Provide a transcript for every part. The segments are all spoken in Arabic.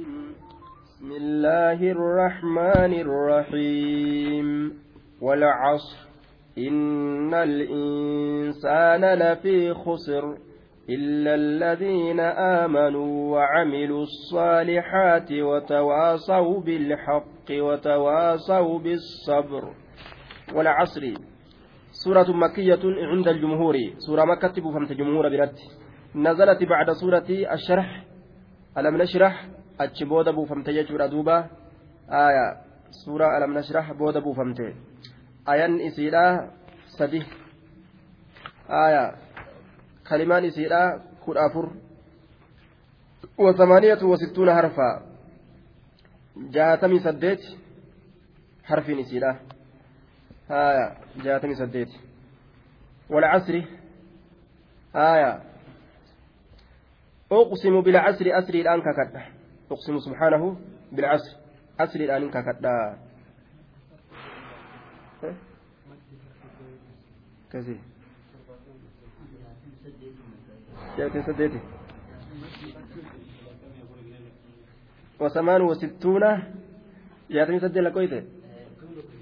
بسم الله الرحمن الرحيم والعصر إن الإنسان لفي خسر إلا الذين آمنوا وعملوا الصالحات وتواصوا بالحق وتواصوا بالصبر والعصر سورة مكية عند الجمهور سورة مكة بفهمت جمهور برد نزلت بعد سورة الشرح ألم نشرح achi booda buufamte jechuudha duuba aya suuraa alam nashrah booda buufamte ayan isiidha sadi aya kalimaan isiidha kudha afur wasamaaniyatu wasittuuna harfa jaatamii saddeet harfiin isiidha aya jaatamii saddeet walcasri aya uqsimu bilcasri asriidhaan kakadha أقسم سبحانه بالعصر أصل الآن ككدا كثير جاءتين سديتي وثمان وستون جاءتين سدي لكويته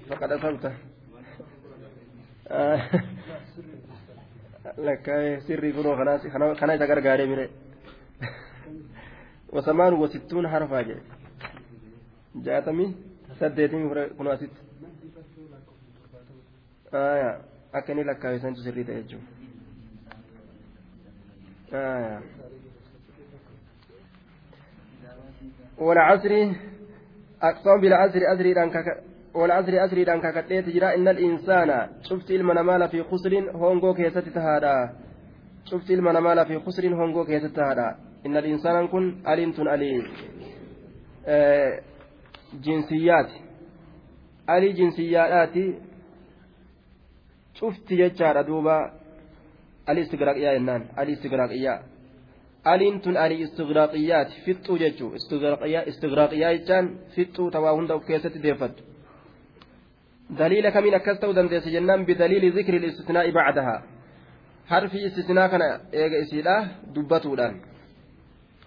فقد أصبت آه. لك سري كنو خلاص خنا إذا غرغاري ميري وثمان وستون حرفا جاء جاءتمي سديتمي كنا ست آية أكني لك كايسان تسري تأجو آية والعصر أقسم بالعصر أدري أنك والعصر أدري أنك قد تجرى إن الإنسان شفت المنمال في خسر هونغو كيست تهادا شفت المنمال في خسر هونغو كيست تهادا inna liinsaanaan kun aliin tun alii jinsiyyaati alii jinsiyyaadhaati cufti jechaadha duuba alii istigraaqiyyaa jennaan alii istigraaqiyyaa aliin tun alii istigraaqiyyaati fixxuu jechuu istigraaqiyyaa jechaan fixxuu tawaa hunda of keessatti deeffattu دليل كمين أكست ودندس جنان بدليل ذكر الاستثناء بعدها حرف استثناء كان إيجا إسيلا دبتو الآن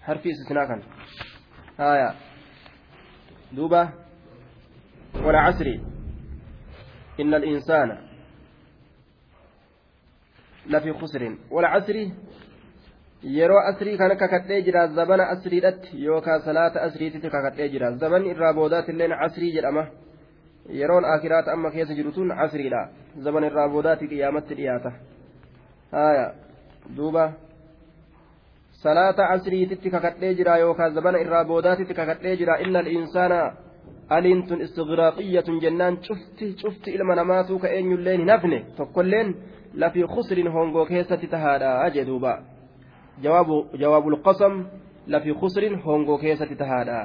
harfi istisnaa kan haya duuba والعسر إن الإنسان لفي خسر والعسر yeroo asrii kana kakadhee jira zabana asriidhatti yookaan salaata asriititti kakadhee jira zabanni irraa boodaatilleen asrii jedhama yeroon akiraata amma keessa jiru tun asriidha zabana irraa boodaati qiyyaamatti dhiyaata haaya duuba salaata asriititti kakadhee jira yookaan zabana irraa boodaatitti kakadhee jira innal insaana aliin tun istigraaqiyyatun jennaan cufti cufti ilma namaatu ka eenyulleen hin hafne tokkolleen lafii khusriin hongoo keessatti tahaadha jedhuuba jawaabul qosam lafii khusriin hongoo keessatti tahaadha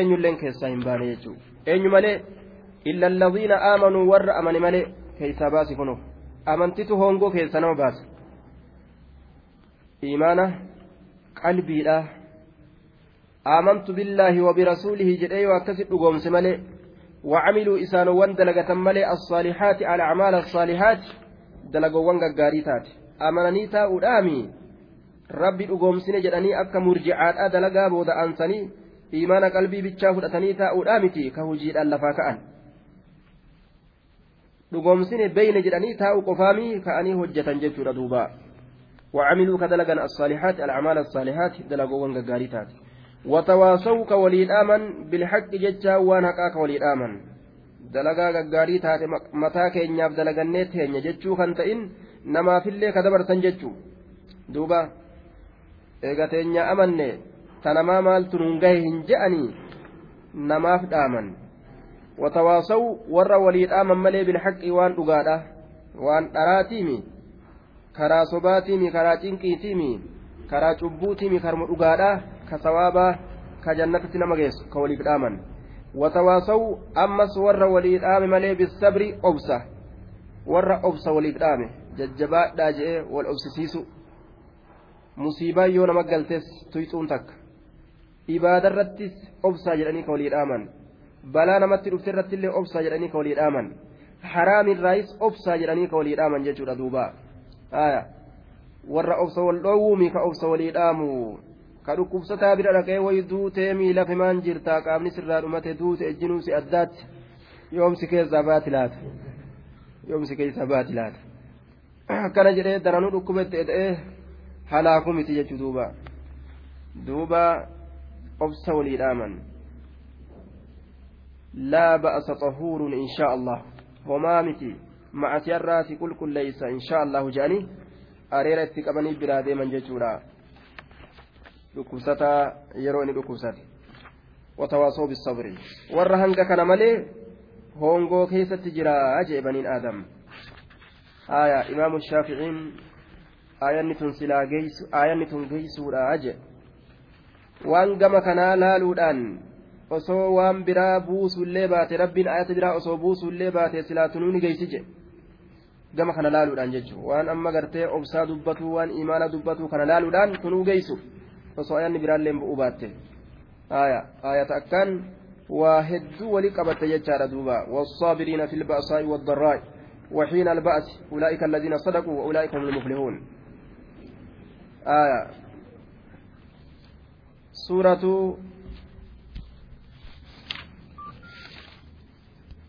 eenyulleen keessaa hin baane jechuudha eenyu malee illalladhiina aamanuu warra amani malee keessaa baasi kunuuf amantitu hongoo keessaa nama baasa. iimaana qalbiidha aamantu billaahi wa birasuulihi jedhee yoo akkasit dhugoomse malee وعملوا إسان وان دلقة ملي الصالحات على أعمال الصالحات دلقوا وان قاريتات أمنني تاؤد آمي ربي أقوم سنجدني أكا مرجعات دلقا بود أنسني إيمان قلبي بتشافد أتني تاؤد آمتي كهجيد ألفا كأن dhugoomsine beyne jedhanii taa'u qofaamii ka'anii hojjetan jechuudha duubaa وعملوا كدلقا الصالحات الأعمال الصالحات دلقوا غاريتات وتواصوا كوليد آمن بالحق ججا وانهكا كوليد آمن dalagaa gaggaarii taate mataa keenyaaf dalagannee teenya jechuu kan ta'in namaafillee ka dabartan jechuu duuba eega teenya amanne tanamaa maaltu nuun gahe hin je'anii namaaf dhaaman watawaasaw warra walii dhaaman malee bilhaqii waan dhugaadha waan dharaatiimi karaa sobaatiimi karaa cinqiitiimi karaa cubbuutiimi karma dhugaadha ka sawaabaa ka jannatatti nama geessu ka waliif dhaaman watawaasaw ammas warra walii dhaame malee bisabri obsa warra obsa waliif dhaame jajjabaadhaa je'ee wal obsisiisu musiibaan yoo nama galtes tuyxuun takka ibaadarrattis obsaa jedhanii ka walii dhaaman balaa namatti dhufte irratti illee obsaa jedhanii ka walii dhaaman haraamirraayis obsaa jedhanii ka walii dhaaman jechuudha duubaa warra obsa wal dhoowwuumi ka obsa walii dhaamu ka dhukkubsataa bira dhaqee wayi duutee miila fimaan jirtaa qaamni sirraa dhumate duute ejjinuu si addaatti yoomsi keessaa baati laatu yoomsi keessaa baati laatu akkana jedhee daranuu dhukkubetti eda'ee halaaku miti jechuu duuba duuba obsa walii dhaaman laa ba'asa xahuurun inshaa allah homaa miti ma'asiyarraa si qulqulleessa insha allahu jedhanii areera itti qabanii biraa deeman jechuudha dhukkubsataa yeroo inni dhukkubsate watawaasoo bisabri warra hanga kana malee hongoo keessatti jiraa jeebaniin aadam aya imaamu shaaficiin aayanni tun silaa geeysu aayanni tun geeysuudha je waan gama kanaa laaluudhaan osoo waan biraa buusullee baate rabbiin ayata biraa osoo buusullee baate silaa tunuu ni geeysi jedhe gama kana laaluudhaan jechuun waan amma gartee obsaa dubbatu waan imaana dubbatu kana laaluudhaan tunuu geessu osoo ayyaanni biraallee bu'uu baatte ayata akkaan waa hedduu walii qabatte jechaadha duuba والصابرين في البأساء والضراء وحين البأس أولئك الذين صدقوا وأولئك هم المفلحون آية سورة